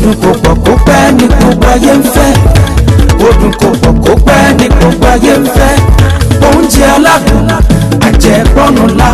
odun kò pọ̀ kó pẹ́ ní gbogbo ayé ń fẹ́ odun kò pọ̀ kó pẹ́ ní gbogbo ayé ń fẹ́ oúnjẹ aládùn àjẹgbọ́nù la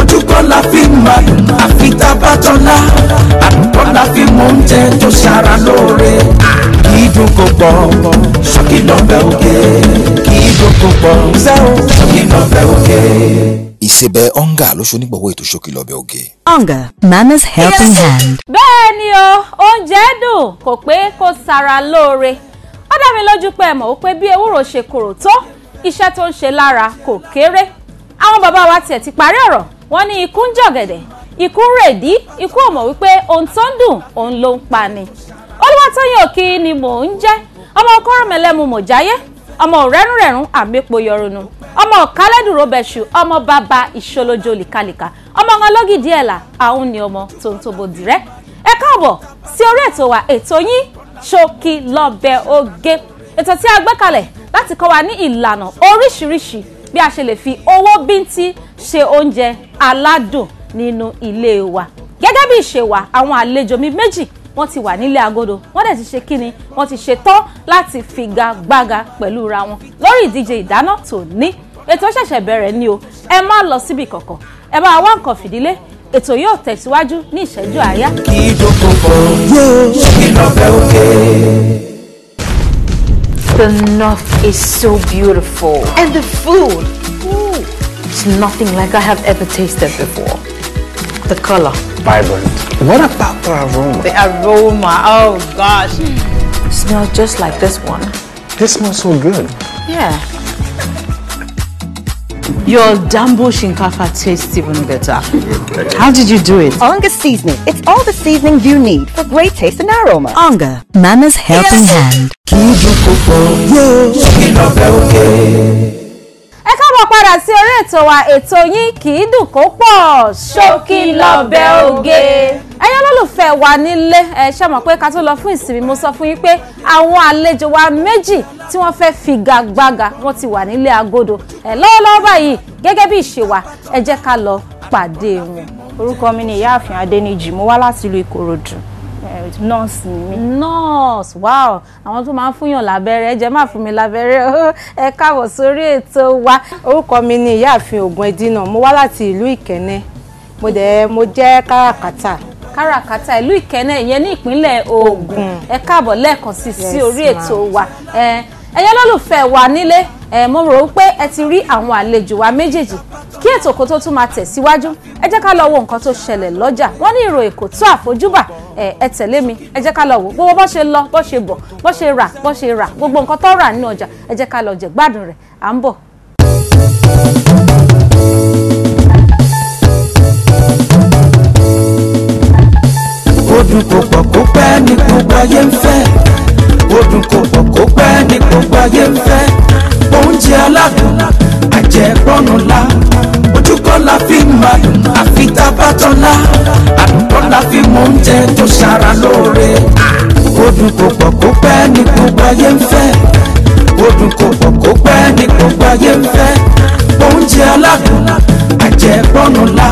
ojúkọ́ la fi máa dùn àfi fi mọ oúnjẹ tó ṣara lóore kì í dùn kò pọ̀ ṣọ́kì lọ́bẹ̀ òkè kì í dùn kò pọ̀ ṣọ́kì lọ́bẹ̀ òkè ìṣebẹ̀ onga ló ṣonígbọ̀wọ́ ètò ṣókìlọ̀ ọbẹ̀ oge. onga mama's helping hand. bẹ́ẹ̀ ni o oúnjẹ dùn kò pé kó sara lóore ó dá mi lójú pé ẹ mọ̀ pé bí ewúro ṣe korò tó iṣẹ́ tó ń ṣe lára kò kéré àwọn bàbá wa tiẹ̀ ti parí ọ̀rọ̀ wọ́n ní ikú ń jọ̀gẹ̀dẹ̀ ikú ń rèdí ikú ò wípé ohun tó ń dùn òun ló ń pa ni olúwatóyìn òkì ni mò ń jẹ́ ọmọ kọ́rọ̀mẹ́lẹ́mu mò jáyé ọmọ rẹ́rùnrẹ́rùn àmẹ́po yọrùnù ọmọ kálẹ́dùró bẹ̀ṣù ọmọ bàbá ìṣolójó lìkàlìkà ọmọ ọmọ lọ́gìdí ẹ̀là àwọn ni ọmọ tó ń tóbo dìrẹ́ ẹ káàbọ̀ sí orí ètò wa ètò yín ṣókí lọ́bẹ̀ oge ètò tí a gbé kalẹ̀ láti kọ́ wa ní ìlànà oríṣiríṣi bí a ṣe lè fi owó bíntín ṣe oúnjẹ aládùn nínú ilé wa gẹ́gẹ́ bí ìṣe àwọn àlejò mi méjì wọ́n ti wà nílé agodo wọ́n dẹ̀ ti ṣe kíni wọ́n ti ṣetán láti figagbága pẹ̀lú ra wọn lórí ìdíje ìdáná tòní ètò ṣẹ̀ṣẹ̀ bẹ̀rẹ̀ ni o ẹ má lọ síbi kankan ẹ bá wá nǹkan fìdílé ètò yóò tẹ̀síwájú ní ìṣẹ́jú àáyá. kí ìjókòó kan yóò ṣe lọ́bẹ̀ òkè. The north is so beautiful and the food, ooh, it's nothing like I have ever tasted before. The color. Vibrant. What about the aroma? The aroma. Oh gosh. It hmm. Smells just like this one. This smells so good. Yeah. Your Dambo Shinkafa tastes even better. How did you do it? Onga seasoning. It's all the seasoning you need for great taste and aroma. Onga, Mama's helping yes. hand. ẹ káàbọ̀ padà sí orí ètò wa ètò yín kì í dùn kó pọ̀ ṣókí lọ́bẹ̀ oge. ẹyẹ lólùfẹ́ wa nílé ẹ ṣe mọ̀ pé ká tó lọ fún ìsinmi mo sọ fún yín pé àwọn àlejò wa méjì tí wọ́n fẹ́ figagbága wọ́n ti wà nílé agodo ẹ lọ́wọ́lọ́wọ́ báyìí gẹ́gẹ́ bí ìṣèwà ẹ jẹ́ ká lọ pàdé wọn. orúkọ mi ni ìyáàfin adẹnijì mo wá láti ìlú ìkòròdú married nurse ni mí. nurse wow àwọn tó máa ń fúnyàn lábẹ́rẹ́ ẹ jẹ́ má fún mi lábẹ́rẹ́ o ẹ káàbọ̀ sórí ètò wa. orúkọ mi ni ìyáàfin Ògúndínà mo wá láti ìlú Ìkẹ́nnẹ́ mo dẹ̀ mo jẹ́ káràkátà káràkátà ìlú ìkẹ́nẹ́ ìyẹn ní ìpínlẹ̀ Ògùn ẹ káàbọ̀ lẹ́ẹ̀kan sí sí orí ètò wa ẹ̀yẹ́ lólùfẹ́ wa nílé mo rò ó pé ẹ ti rí àwọn àlejò wa méjèèjì kí ètò kó tó tún máa tẹ̀síwájú ẹ jẹ́ ká lọ wo nǹkan tó ṣẹlẹ̀ lọ́jà wọ́n ní ìròyìn kò tó àfojúbà ẹ tẹ̀lé mi ẹ jẹ́ ká lọ wo gbogbo bó ṣe lọ bó ṣe bọ̀ bó ṣe rà bó ṣe rà gbogbo nǹkan tó rà nínú ọjà ẹ jẹ́ ká lọ jẹ gbádùn rẹ̀ à ń bọ̀. ó kò pọ̀ kó pẹ́ ní gbogbo ayé ń fẹ́ ó kò pọ̀ kó pẹ́ ní gbogbo ayé ń fẹ́ oúnjẹ aládùn àjẹgbọ́nù la ìbàdàn àfitábátọ́lá àdùntọ́lá fi mú oúnjẹ tó ṣara lóore odùn kò pọ̀ kó pẹ́ ní gbogbo ayé ń fẹ́ odùn kò pọ̀ kó pẹ́ ní gbogbo ayé ń fẹ́ oúnjẹ aládùn àjẹbọ́nùlá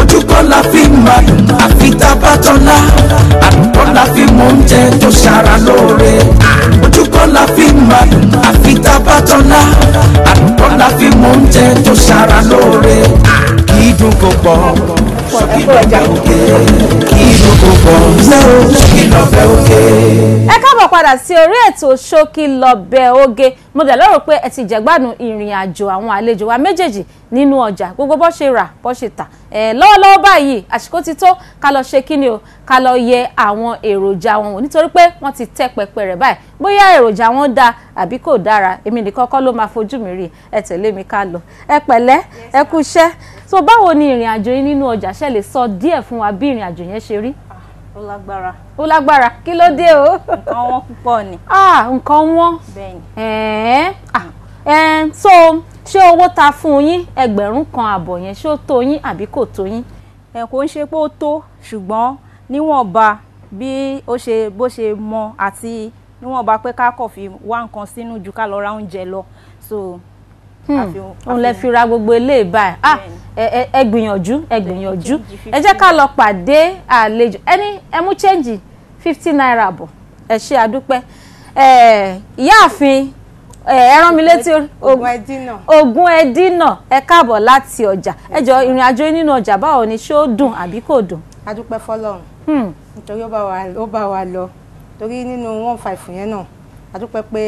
ojúkọ́ la fi máa dùn àfitábátọ́lá àdùntọ́ la fi mú oúnjẹ tó ṣara lóore ojúkọ́ la fi máa dùn dùn kò pọ̀ kí ló kò pọ̀ kí ló fẹ́ òkè. ẹ ká padà sí orí ètò ṣókí lọ́bẹ̀ oge mo dẹ̀ lérò pé ẹ ti jẹ̀gbádùn ìrìn àjò àwọn àlejò wa méjèèjì nínú ọjà gbogbo bó ṣe rà bó ṣe tà ẹ lọ́wọ́lọ́wọ́ báyìí àsìkò ti tó ká lọ ṣe kí ni o ká lọ yẹ àwọn èròjà wọn wò nítorí pé wọ́n ti tẹ́ pẹpẹ rẹ̀ báyìí bóyá èròjà wọn dáa àbí kò dára èmi nìkan kọ́ ló máa fojú mi rí ẹ tẹ̀lé mi ká lọ ẹ pẹ̀lẹ́ ẹ kúṣẹ́ so báwo ni ìrìn àjò yín nínú ọjà ṣe sọ díẹ̀ fún wa bí ìrìn àjò yẹn ṣe rí ó lágbára. ó lágbára kí ló dé o. nǹkan wọn púpọ̀ ni. ah nǹkan wọn. bẹ́ẹ̀ni. ẹ̀ẹ́n ah ẹ̀ẹ́n so ṣé owó ta fún yín ẹgbẹ̀rún kan àbọ̀ yẹn ṣé ó tó yín àbí kò tó yín. ẹ kò ń ṣe pé ó tó ṣùgbọ́n níwọ̀nba bí ó ṣe bó ṣe mọ àti níwọ̀nba pé ká kọ̀ fi wá nǹkan sínú ju ká lọ ra oúnjẹ lọ so òun hmm. lè fi ra gbogbo eléyìí báyìí ah ẹ gbìyànjú ẹ gbìyànjú ẹ jẹ́ ká lọ pàdé àlejò ẹni ẹ mú chẹ́ǹjì fifty naira bọ̀ ẹ ṣe àdúpẹ́ ìyáàfin ẹ rán mi létí ogun ẹdínà ẹ káàbọ̀ láti ọjà ẹ jọ ìrìn àjò nínú ọjà báwo ni ṣé ó dùn àbí kò dùn. adúpẹ́ fọlọ́run hmm. nítorí ó bá wa lọ torí nínú one five yẹn náà adúpẹ́ pé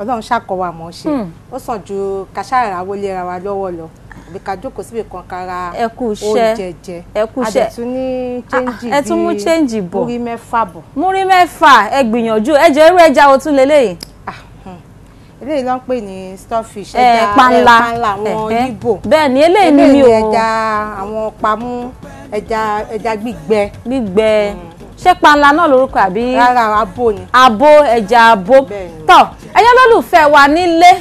ọlọ́run ṣàkọwà mọ̀ ṣe hmm. ó sàn ju kàṣàrà wọlera wa lọ́wọ́ lọ àbí ká jókòó síbi kan kára oúnjẹ jẹ ẹkúṣẹ àdẹ̀tún ní chẹ́ǹjì bíi ah, ẹtún mú chẹ́ǹjì bọ̀ múrí mẹ́fà bọ̀. múrí mẹ́fà ẹ gbìyànjú ẹ jẹ́ irú ẹja wo tún leléyìí. Ah, hmm. eléyìí ló ń pè ní starfish eh, ẹja panla eh, àwọn yíbò bẹ́ẹ̀ ni eléyìí ni mi ò ẹja àwọn pamú ẹja ẹja gbígbẹ. gbígbẹ hmm. ṣé panla náà lórúkọ àbí. rárá abo ni. abo ẹja abo tọ ẹ̀yin olólùfẹ́ wa nílé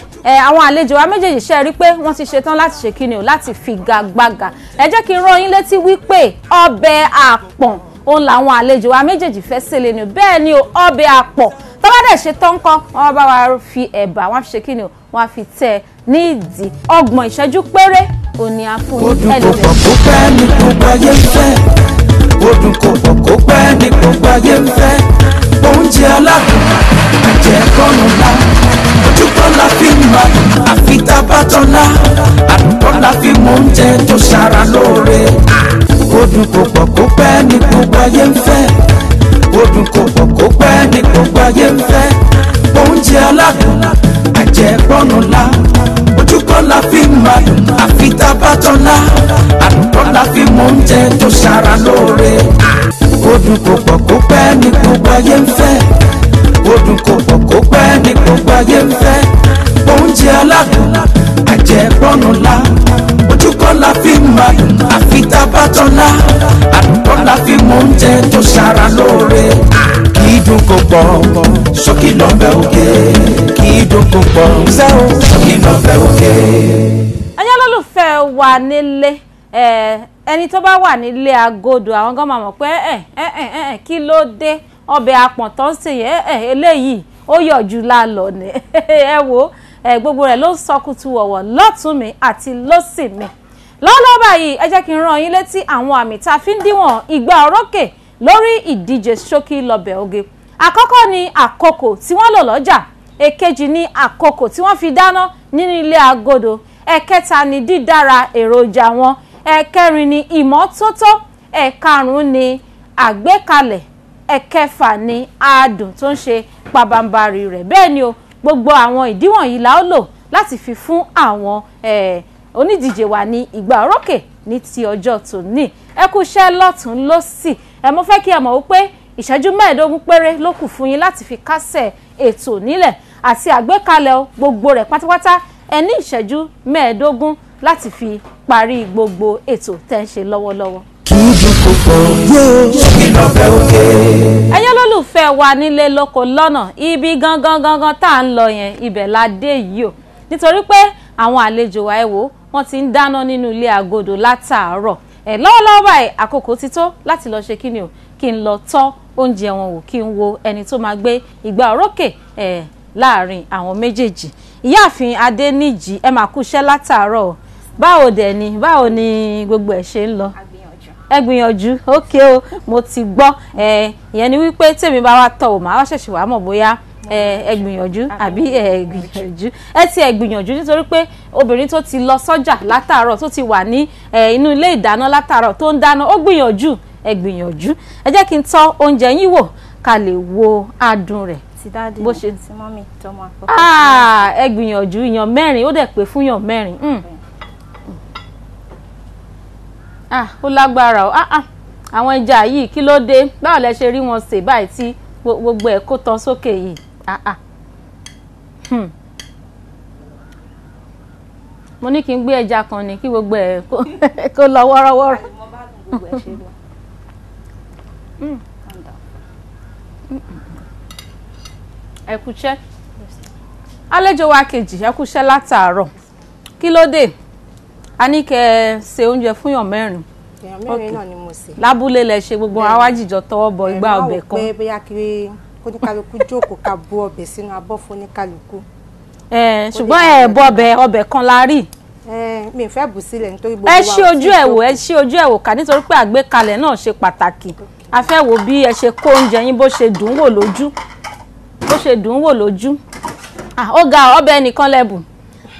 àwọn àlejò wa méjèèjì ṣe rí pé wọ́n ti ṣetán láti ṣe kíni o láti figagbága ẹ jẹ́ kí n rán yín létí wípé ọbẹ̀ àpọ̀n òun làwọn àlejò wa méjèèjì fẹ́ sèlè ni bẹ́ẹ̀ ni o ọbẹ̀ àpọ̀n tọ́wọ́ dẹ̀ ṣe kọ́ wọ́n bá wa fi ẹ̀bà wọ́n fi ṣe kíni o wọ́n fi tẹ̀ ní ìdí ọgbọ̀n ìṣẹ́jú péré òní ní gbogbo oúnjẹ aládùn àjẹkọ́nu láti àdùtọ́lá fi mà àfitábátọ́lá àdùtọ́lá fi mọ oúnjẹ tó ṣara lóore ó dùn kò pọ̀ kó pẹ́ ní gbogbo ayé ń fẹ́ ó dùn kò pọ̀ kó pẹ́ ní gbogbo ayé ń fẹ́ oúnjẹ aládùn àjẹgbọ́nù la ojúkọ́ la fi mà àfitábátọ́lá àdùtọ́lá fi mọ oúnjẹ tó ṣara lóore ó dùn kò pọ̀ kó pẹ́ ní gbogbo ayé ń fẹ́ ó kò pọ̀ kó pẹ́ ní gbogbo ayé ń fẹ́ gbọ́nù la ojúkọ́ la fi máa àfitá bá tọ́lá àdúgbò la fi mú oúnjẹ tó ṣara lóore kì í dùn kó pọ̀ ṣókí lọ́bẹ̀ òkè kì í dùn kó pọ̀ ṣókí lọ́bẹ̀ òkè. ayálólùfẹ́ wa nílé ẹni tó bá wà nílé agodo àwọn gan máa mọ̀ pé ẹ̀ ẹ̀ ẹ̀ ẹ̀ kí ló dé ọbẹ̀ apọ̀n tó ń sè yẹn eléyìí ó yọ̀jú lálọ́ ni ẹ wo gbogbo rẹ̀ ló ń sọkùtù wọ̀wọ̀ lọ́tún mi àti lọ́sì mi lọ́lọ́ báyìí ẹ jẹ́ kí n rán yín létí àwọn àmì tá a fi ń díwọ̀n ìgbà orókè lórí ìdíje ṣókí lọ́bẹ̀ oge àkọ́kọ́ ni àkókò tí wọ́n lò lọ́jà èkejì ni àkókò tí wọ́n fi dáná nínú ilé agodo ẹ̀kẹta ni dídára èròjà wọn ẹ̀kẹrin ni ìmọ́tótó ẹ̀karùn-ún ni àgbékalẹ̀ ẹ̀kẹfà ni àádùn tó ń ṣe pabambarì rẹ̀ bẹ́ẹ̀ ni o gbogbo àwọn ìdí wọ̀nyí la ó lò láti fi fún àwọn onídíje wa ní ìgbà orókè ní ti ọjọ́ tòní ẹ kú iṣẹ́ lọ́tún lọ́sì ẹ mo fẹ́ kí ẹ mọ̀ wípé ìṣẹ́jú mẹ́ẹ̀ẹ́dógún péré ló kù fún yín láti fi kásẹ̀ ètò nílẹ̀ àti àgbékalẹ̀ gbogbo rẹ̀ pátápátá ẹ ní ìṣẹ́jú mẹ́ẹ̀ẹ́dógún láti fi parí gbogbo ètò tẹ́ ń ṣe lọ́wọ́lọ́wọ́ púpọ̀ ṣókí lọ́bẹ̀ òkè. ẹyẹ lólùfẹ́ wa nílé lóko lọ́nà ibi gangan gangan tá à ń lọ yẹn ibẹ̀ la dé yìí o nítorí pé àwọn àlejò wa ẹ wo wọ́n ti ń dáná nínú ilé agodo látàárọ̀ ẹ lọ́wọ́lọ́wọ́ báyìí àkókò ti tó láti lọ ṣe kí ni o kí n lọ tọ́ oúnjẹ wọn wò kí n wo ẹni tó máa gbé ìgbà òrókè ẹ láàrin àwọn méjèèjì ìyáàfin adéníjì ẹ máa kúṣẹ́ látàárọ̀ báwo dẹ̀ ni báwo ni gbogbo ẹ̀ ṣe ń lọ ẹ gbìyànjú ókè o mo ti gbọ́ ìyẹn ni wípé tèmi bá wa tọ̀ ò máa wá ṣẹ̀ṣẹ̀ wá mọ̀ bóyá ẹ gbìyànjú àbí ẹ gbìyànjú ẹ ti ẹ gbìyànjú nítorí pé obìnrin tó ti lọ sọ́jà látàárọ̀ tó ti wà ní inú ilé ìdáná látàárọ̀ tó ń dáná ó gbìyànjú ẹ gbìyànjú ẹ jẹ́ kí n tọ́ oúnjẹ yín wò ká lè wo adùn rẹ̀ ti dáàdì bó ṣe ti mọ́mì tọmọ àkọ́kọ́. Ah, ẹ gbìyànjú ìyàn mẹ́rin ó dẹ̀ pé fún yàn mẹ́rin. Mm. Mm ah ó lágbára o ah ah àwọn ẹja yìí kí ló dé báwo lẹ ṣe rí wọn ṣe báyìí tí gbogbo ẹ̀ kó tán sókè yìí ah ah hmm mo ní kí n gbé ẹja kan ni kí gbogbo ẹ̀ kó lọ wọ́rọ́wọ́rọ́. Hmm. Hmm. ẹ kúṣẹ́ àlejò wa kejì ẹ látàárọ̀ kí ló dé a ní kẹ́ ẹ ṣe oúnjẹ fún yàn mẹ́rin èèyàn mẹ́rin náà ni mo ṣe. lábúlé lẹ ṣe gbogbo awájìjọ tọwọ́ bọ igbá ọbẹ̀ kan. ẹ máa wò pé bóyá kí oníkálukú jókòó ká bu ọbẹ̀ sínú abọ́ fún oníkálukú. ẹ ṣùgbọ́n ẹ bọ ọbẹ̀ ọbẹ̀ kan la rí. ẹ mi fẹ́ bù sílẹ̀ nítorí gbogbo wa. ẹ ṣí ojú ẹ̀ wò ẹ ṣí ojú ẹ̀ wò ká nítorí pé àgbékalẹ̀ náà ṣe pàtàkì a fẹ́ wo bí ẹ ṣe kó oúnjẹ yín bó ṣe dùn wò lójú bó ṣe dùn wò lójú. ó ga ọbẹ̀ nìkan lẹ́bùn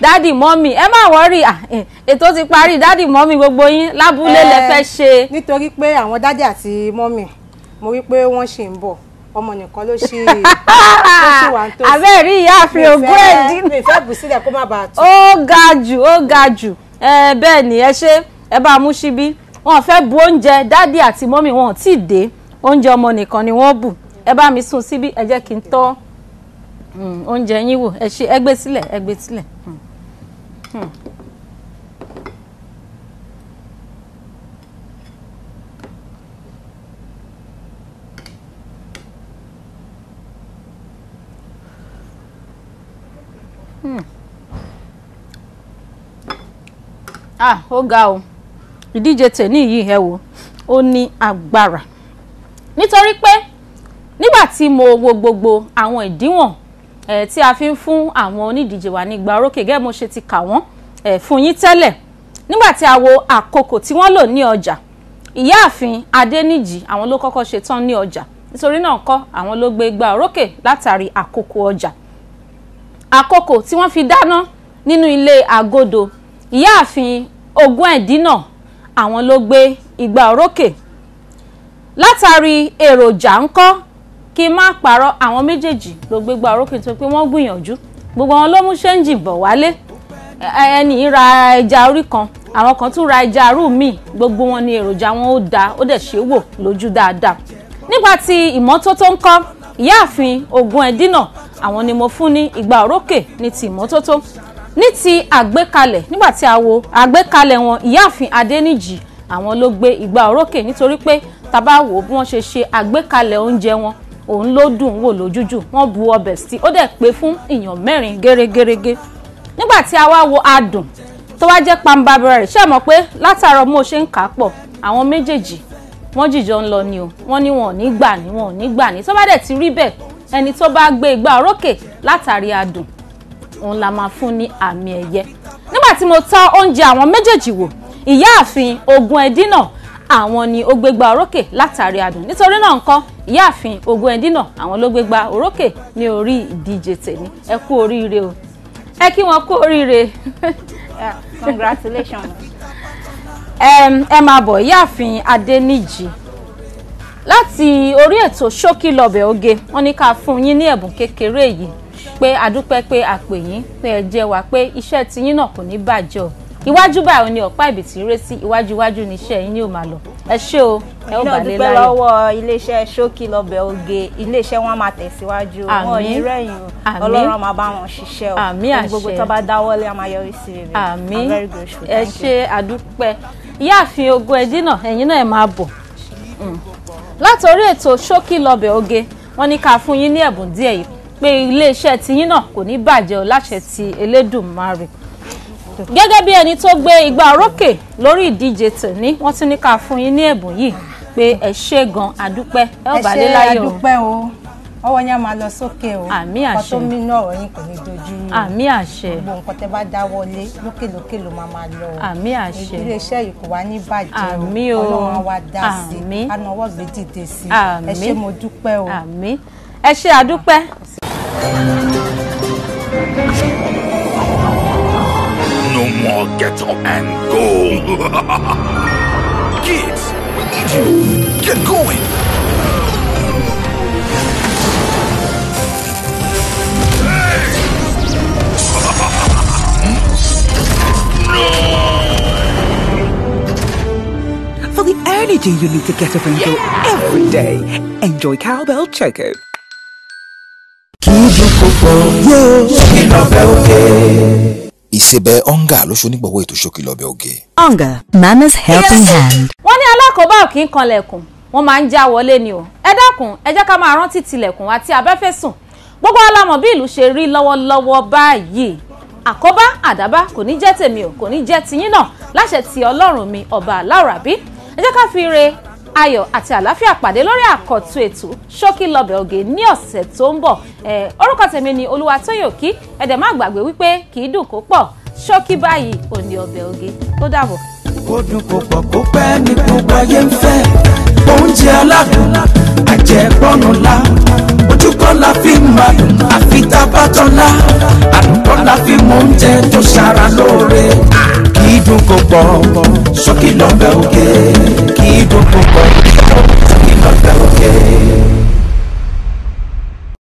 dádì mọ́mì ẹ má wọ́rì ah, eh, ètò ti parí dádì mọ́mì gbogbo yín lábúlé lẹ fẹ́ eh, ṣe. nítorí pé àwọn dádì àti mọ́mì mo rí pé wọ́n ṣì ń bọ̀ ọmọ nìkan ló ṣe tó ṣì wà ń tó. àbẹ́ẹ̀rí ìyá àfin ogún ẹ̀dí. mi fẹ́ bù sílẹ̀ kó má bàa tó. ó ga jù ó ga jù eh, bẹ́ẹ̀ ni ẹ ṣe ẹ bá mú síbí wọn fẹ́ bu oúnjẹ dádì àti mọ́mì wọn ò dé oúnjẹ ọmọ nìkan ni wọ́n bù ẹ bá mi sùn síbí ẹ jẹ́ kí n tọ́ hmm, oúnjẹ yín wò ẹ ṣe ẹ gbé sílẹ̀ ẹ gbé sílẹ̀. Hmm. Hmm. Hmm. ah ó ga o ìdíje tèmi yìí ẹ wo ó ní agbára nítorí pé nígbà tí mo wo gbogbo àwọn ìdíwọ̀n tí a fi ń fún àwọn onídíje wa ní igba orókè gẹ́gẹ́ mo ṣe ti kà wọ́n fún yín tẹ́lẹ̀ nígbà tí a wo àkókò tí wọ́n lò ní ọjà ìyáàfin adẹ́nìjì àwọn ló kọ́kọ́ ṣe tán ní ọjà nítorí náà kọ́ àwọn ló gbé igba orókè látàrí àkókò ọjà àkókò tí wọ́n fi dáná nínú ilé àgọ́dọ̀ ìyáàfin ogún ẹ̀dínà àwọn ló gbé igba orókè látàrí èròjà ńkọ́ kí n má parọ́ àwọn méjèèjì ló gbégbá orókè tó pé wọ́n gbìyànjú gbogbo wọn ló mú ṣẹ́ńjì bọ̀ wálé ẹni ra ẹja orí kan àwọn kan tún ra ẹja arú míì gbogbo wọn ni èròjà wọn ó da ó dẹ̀ ṣe wò lójú dáadáa nípa ti ìmọ́tótó ń ìyáàfin ogun ẹ̀dínà àwọn ni mo fún ní ìgbà òrókè ní ti ìmọ́tótó ní ti àgbékalẹ̀ nígbà tí a wo àgbékalẹ̀ wọn ìyáàfin adẹ́nìjì àwọn ló gbé ìgbà òrókè nítorí pé tá bá wò bí wọ́n ṣe ṣe àgbékalẹ̀ oúnjẹ wọn òun ló dùn wò lójújù wọ́n bu ọbẹ̀ sí ó dẹ̀ pé fún ìyàn mẹ́rin gẹ́rẹ́gẹ́rẹ́gẹ́ nígbà tí a wá wo adùn tó wá jẹ́ pambabra rẹ̀ ṣe mọ̀ pé látàárọ̀ mo ṣe ń kà á pọ̀ àwọn méjèèjì wọ́n jìjọ ń lọ ni o wọ́n ní wọn ò ní gbà ní wọn ò ní gbà ní tó bá dẹ̀ ti rí bẹ́ẹ̀ ẹni tó bá gbé igbá orókè látàrí adùn òun la máa fún ní àmì ẹ̀yẹ nígbà tí mo tọ́ oúnjẹ àwọn méjèèjì wò ìyáàfin ogun ẹdínà àwọn ni ó gbégbá orókè látàrí adùn nítorí náà nǹkan ìyáàfin Ògúndínà àwọn ló gbégbá orókè ní orí ìdíje tèmi ẹ kú oríire o ẹ kí wọn kú oríire. congratulations. ẹ máa bọ̀ ìyáàfin Adéníjì láti orí ètò ṣókí lọ́bẹ̀ oge wọ́n ní ká fún yín ní ẹ̀bùn kékeré yìí pé a dúpẹ́ pé a pè yín pé ẹ jẹ́ wa pé iṣẹ́ tiyín náà kò ní bàjẹ́ o iwájú báyìí ni ọ̀pá ìbìtì ré sí iwájú iwájú ni iṣẹ́ yín yóò máa lọ ẹ ṣé o ẹ ó balẹ̀ láyọ̀. ìnáwó lọ́wọ́ iléeṣẹ́ ṣókí lọ́bẹ̀ oge iléeṣẹ́ wọn máa tẹ̀síwájú wọn ò ní ọlọ́run máa bá wọn ṣiṣẹ́ o gbogbo tó bá dáwọ́lé a máa yọrí sí rere i'm very grateful thank you. ẹ ṣé àdúpẹ́ ìyáàfin ogun ẹdín náà ẹ̀yin náà ẹ máa bọ̀ mm. látòrí ètò ṣókí lọ́bẹ̀ oge wọ́n ní ká fún yín ní ẹ̀bùn díẹ̀ yìí pé iléeṣẹ́ tiyín náà kò ní bàjẹ́ o láṣẹ ti Elédùmarè gẹ́gẹ́ bí ẹni tó gbé igbá orókè lórí ìdíje tòní wọ́n tún ní ká fún yín ní ẹ̀bùn yìí pé ẹ ṣe gan adúpẹ́ ẹ ò bá lé láyọ̀ o. ẹ ṣe adúpẹ́ o ọwọ́ yẹn máa lọ sókè o àmì àṣẹ ọkọ tó mí ọ̀rọ̀ yín kò ní dojú àmì àṣẹ gbogbo nǹkan tẹ bá dáwọ́lé lókèlókè ló máa máa lọ àmì àṣẹ iléeṣẹ́ yìí kò wá ní bàjẹ́ àmì o ọlọ́run á dá sí anáwọ́ gbé dìde sí ẹ ṣé mo dúpẹ́ o àmì ẹ ṣé àdúpẹ́. all get up and go. Kids, we need you. Get going. Hey! no! For the energy you need to get up and yeah! go every day, enjoy Cowbell Choco. kì í síbẹ̀ onga ló ṣonígbọ̀wọ́ ètò ṣókìlọ̀ ọbẹ̀ oge. onga mama's helping hand. wọ́n ní alákòóbá ò ń kanlẹ̀kùn wọ́n máa ń já wọlé ni o ẹ dákun ẹ jẹ́ ká máa rántí tilẹ̀kùn àti abẹ́fẹ́ gbogbo wa bí ìlú ṣe rí lọ́wọ́lọ́wọ́ báyìí àkóbá àdábá kò ní jẹ́ tèmi o kò ní jẹ́ tiyín náà láṣẹ ti ọlọ́run mi ọba aláwọ̀ àbí ẹ jẹ́ ká fi re ayọ̀ àti àlàáfíà pàdé lórí àkọ́tún ètò ṣókí lọ́bẹ̀ oge ní ọ̀sẹ̀ tó ń bọ̀ orúkọ tèmi ni Olúwatóyìn Òkí ẹ̀dẹ̀ má gbàgbé wípé kì í dùn kó pọ̀ ṣókí báyìí ò ọbẹ̀ oge tó dàbọ̀. ó dùn kó pọ̀ kó pẹ́ ní gbogbo ayé ń fẹ́ oúnjẹ aládùn àjẹgbọ́nù la ojúkọ́ la fi máa dùn àfi tábàtọ́ la fi mọ oúnjẹ tó ṣara lóore. dùn kó pọ̀ sókè lọ́bẹ̀ òkè kí dùn kó pọ̀ sókè lọ́bẹ̀ òkè.